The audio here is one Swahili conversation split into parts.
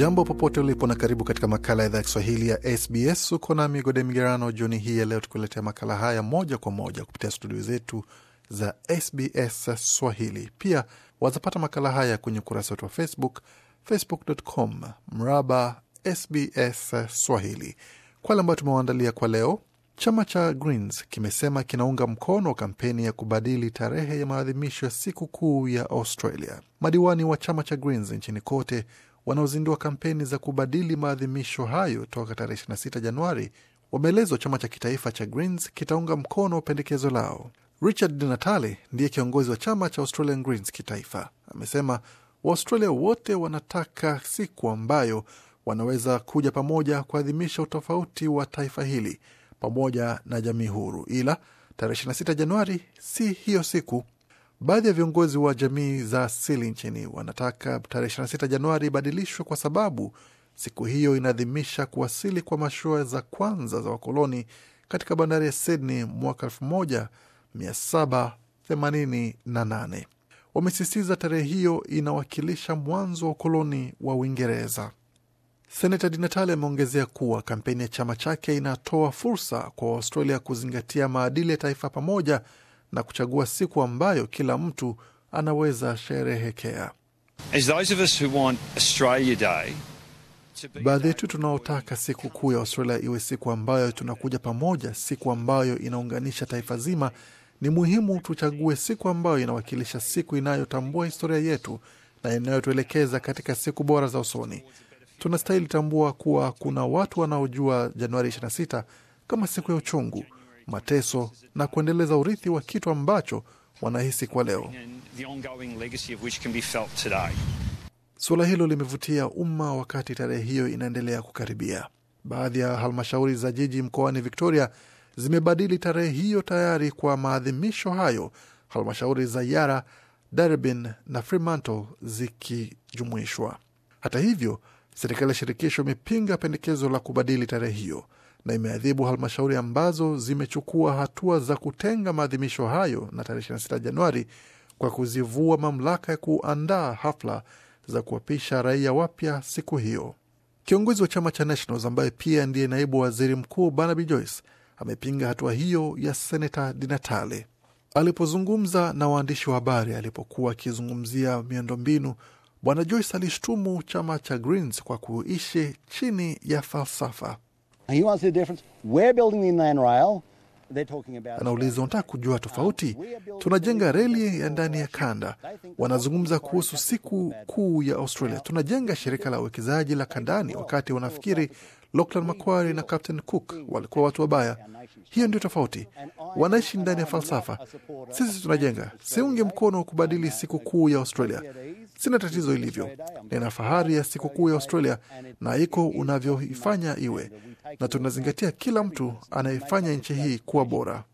Hujambo popote ulipo na karibu katika makala ya idhaa ya Kiswahili ya SBS. Uko na Migode Migerano jioni hii ya leo, tukuletea makala haya moja kwa moja kupitia studio zetu za SBS Swahili. Pia wazapata makala haya kwenye ukurasa wetu wa Facebook, facebook.com mraba SBS Swahili. Kwa yale ambayo tumewaandalia kwa leo, chama cha Greens kimesema kinaunga mkono kampeni ya kubadili tarehe ya maadhimisho ya siku kuu ya Australia. Madiwani wa chama cha Greens nchini kote wanaozindua kampeni za kubadili maadhimisho hayo toka tarehe 26 Januari wameelezwa chama cha kitaifa cha Greens kitaunga mkono pendekezo lao. Richard Di Natale ndiye kiongozi wa chama cha Australian Greens kitaifa, amesema Waaustralia wote wanataka siku ambayo wanaweza kuja pamoja kuadhimisha utofauti wa taifa hili pamoja na jamii huru, ila tarehe 26 Januari si hiyo siku, Baadhi ya viongozi wa jamii za asili nchini wanataka tarehe 26 Januari ibadilishwe kwa sababu siku hiyo inaadhimisha kuwasili kwa mashua za kwanza za wakoloni katika bandari ya Sydney mwaka 1788. Wamesisitiza tarehe hiyo inawakilisha mwanzo wa ukoloni wa Uingereza. Senata Di Natale ameongezea kuwa kampeni ya chama chake inatoa fursa kwa Waustralia kuzingatia maadili ya taifa pamoja na kuchagua siku ambayo kila mtu anaweza sherehekea. Baadhi yetu tunaotaka siku kuu ya Australia iwe siku ambayo tunakuja pamoja, siku ambayo inaunganisha taifa zima, ni muhimu tuchague siku ambayo inawakilisha, siku inayotambua historia yetu na inayotuelekeza katika siku bora za usoni. Tunastahili tambua kuwa kuna watu wanaojua Januari 26 kama siku ya uchungu mateso na kuendeleza urithi wa kitu ambacho wanahisi kwa leo. Suala hilo limevutia umma wakati tarehe hiyo inaendelea kukaribia. Baadhi ya halmashauri za jiji mkoani Victoria zimebadili tarehe hiyo tayari kwa maadhimisho hayo, halmashauri za Yara, Darebin na Fremantle zikijumuishwa. Hata hivyo, serikali ya shirikisho imepinga pendekezo la kubadili tarehe hiyo na imeadhibu halmashauri ambazo zimechukua hatua za kutenga maadhimisho hayo na tarehe 26 Januari kwa kuzivua mamlaka ya kuandaa hafla za kuwapisha raia wapya siku hiyo. Kiongozi wa chama cha Nationals ambaye pia ndiye naibu waziri mkuu Barnaby Joyce amepinga hatua hiyo ya seneta dinatale alipozungumza na waandishi wa habari. Alipokuwa akizungumzia miundombinu, bwana Joyce alishtumu chama cha Greens kwa kuishi chini ya falsafa Anauliza, unataka kujua tofauti? Tunajenga reli ya ndani ya kanda. Wanazungumza kuhusu siku kuu ya Australia. Tunajenga shirika la uwekezaji la kandani, wakati wanafikiri Lachlan Macquarie na Captain Cook walikuwa watu wabaya. Hiyo ndio tofauti, wanaishi ndani ya falsafa. Sisi tunajenga. Siunge mkono wa kubadili sikukuu ya Australia, sina tatizo ilivyo. Nina fahari ya sikukuu ya Australia na iko unavyoifanya iwe, na tunazingatia kila mtu anayefanya nchi hii kuwa bora.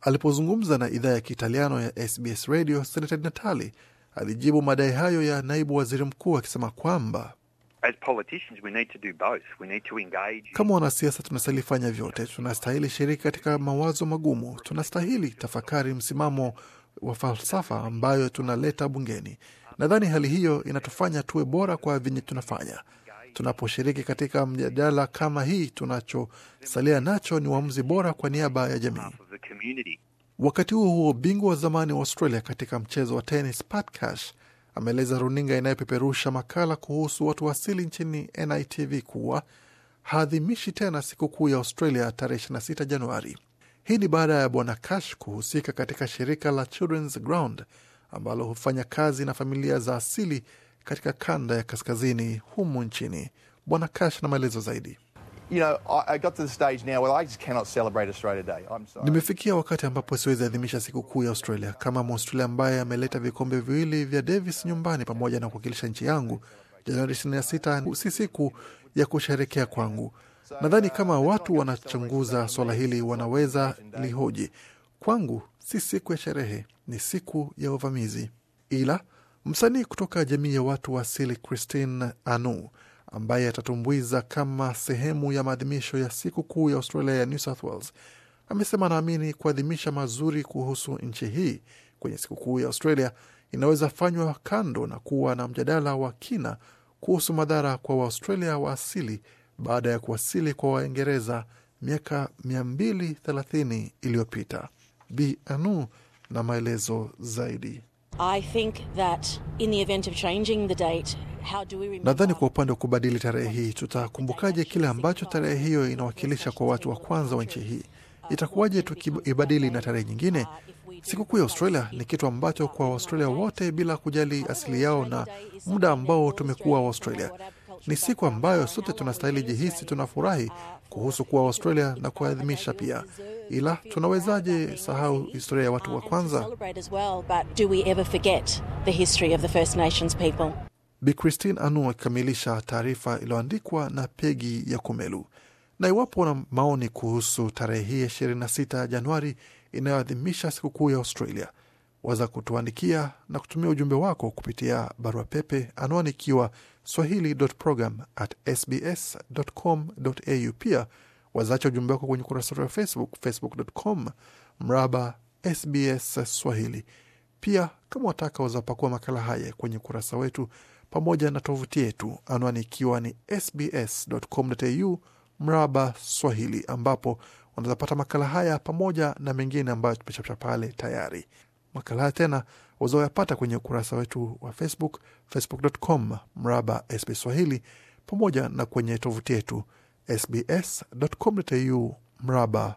Alipozungumza na idhaa ya Kiitaliano ya SBS Radio, Senata Natali alijibu madai hayo ya naibu waziri mkuu akisema kwamba kama wanasiasa tunastahili fanya vyote, tunastahili shiriki katika mawazo magumu, tunastahili tafakari msimamo wa falsafa ambayo tunaleta bungeni. Nadhani hali hiyo inatufanya tuwe bora kwa vyenye tunafanya. Tunaposhiriki katika mjadala kama hii, tunachosalia nacho ni uamuzi bora kwa niaba ya jamii. Wakati huo huo, bingwa wa zamani wa Australia katika mchezo wa tenis Pat Cash ameeleza runinga inayopeperusha makala kuhusu watu asili nchini NITV kuwa haadhimishi tena sikukuu ya Australia tarehe 26 Januari. Hii ni baada ya bwana Cash kuhusika katika shirika la Children's Ground ambalo hufanya kazi na familia za asili katika kanda ya kaskazini humu nchini. Bwana Cash na maelezo zaidi. Nimefikia wakati ambapo siwezi adhimisha sikukuu ya Australia kama Mwaustralia ambaye ameleta vikombe viwili vya Davis nyumbani pamoja na kuwakilisha nchi yangu. Januari 26 si siku ya kusherekea kwangu. Nadhani kama watu wanachunguza swala hili, wanaweza lihoji. Kwangu si siku ya sherehe, ni siku ya uvamizi. Ila msanii kutoka jamii ya watu wa asili Christine Anu ambaye atatumbuiza kama sehemu ya maadhimisho ya siku kuu ya Australia ya New South Wales. Amesema anaamini kuadhimisha mazuri kuhusu nchi hii kwenye siku kuu ya Australia inaweza fanywa kando na kuwa na mjadala wa kina kuhusu madhara kwa Waaustralia wa asili baada ya kuwasili kwa Waingereza miaka 230 iliyopita. Bi Anu na maelezo zaidi. I think that in the event of changing the date Nadhani kwa upande wa kubadili tarehe hii, tutakumbukaje kile ambacho tarehe hiyo inawakilisha kwa watu wa kwanza wa nchi hii? Uh, Itakuwaje tukiibadili na tarehe nyingine? Uh, Sikukuu ya Australia ni kitu ambacho kwa Waustralia wote bila kujali asili yao na muda ambao tumekuwa Waustralia, ni siku ambayo sote tunastahili jihisi tunafurahi uh, kuhusu kuwa Waustralia na kuadhimisha pia, ila tunawezaje sahau historia ya watu wa kwanza? Bi Christine Anu akikamilisha taarifa iliyoandikwa na Pegi ya Kumelu. Na iwapo na maoni kuhusu tarehe hii ya 26 Januari inayoadhimisha sikukuu ya Australia, waza kutuandikia na kutumia ujumbe wako kupitia barua pepe anwani ikiwa swahili.program@sbs.com.au. Pia wazacha ujumbe wako kwenye ukurasa wetu wa Facebook, facebook.com mraba SBS Swahili. Pia kama wataka wazapakua makala haya kwenye ukurasa wetu pamoja na tovuti yetu, anwani ikiwa ni sbs.com.au mraba Swahili, ambapo unaweza pata makala haya pamoja na mengine ambayo tumechapisha pale tayari. Makala haya tena wazaoyapata kwenye ukurasa wetu wa Facebook, facebook.com mraba SBS Swahili, pamoja na kwenye tovuti yetu sbs.com.au mraba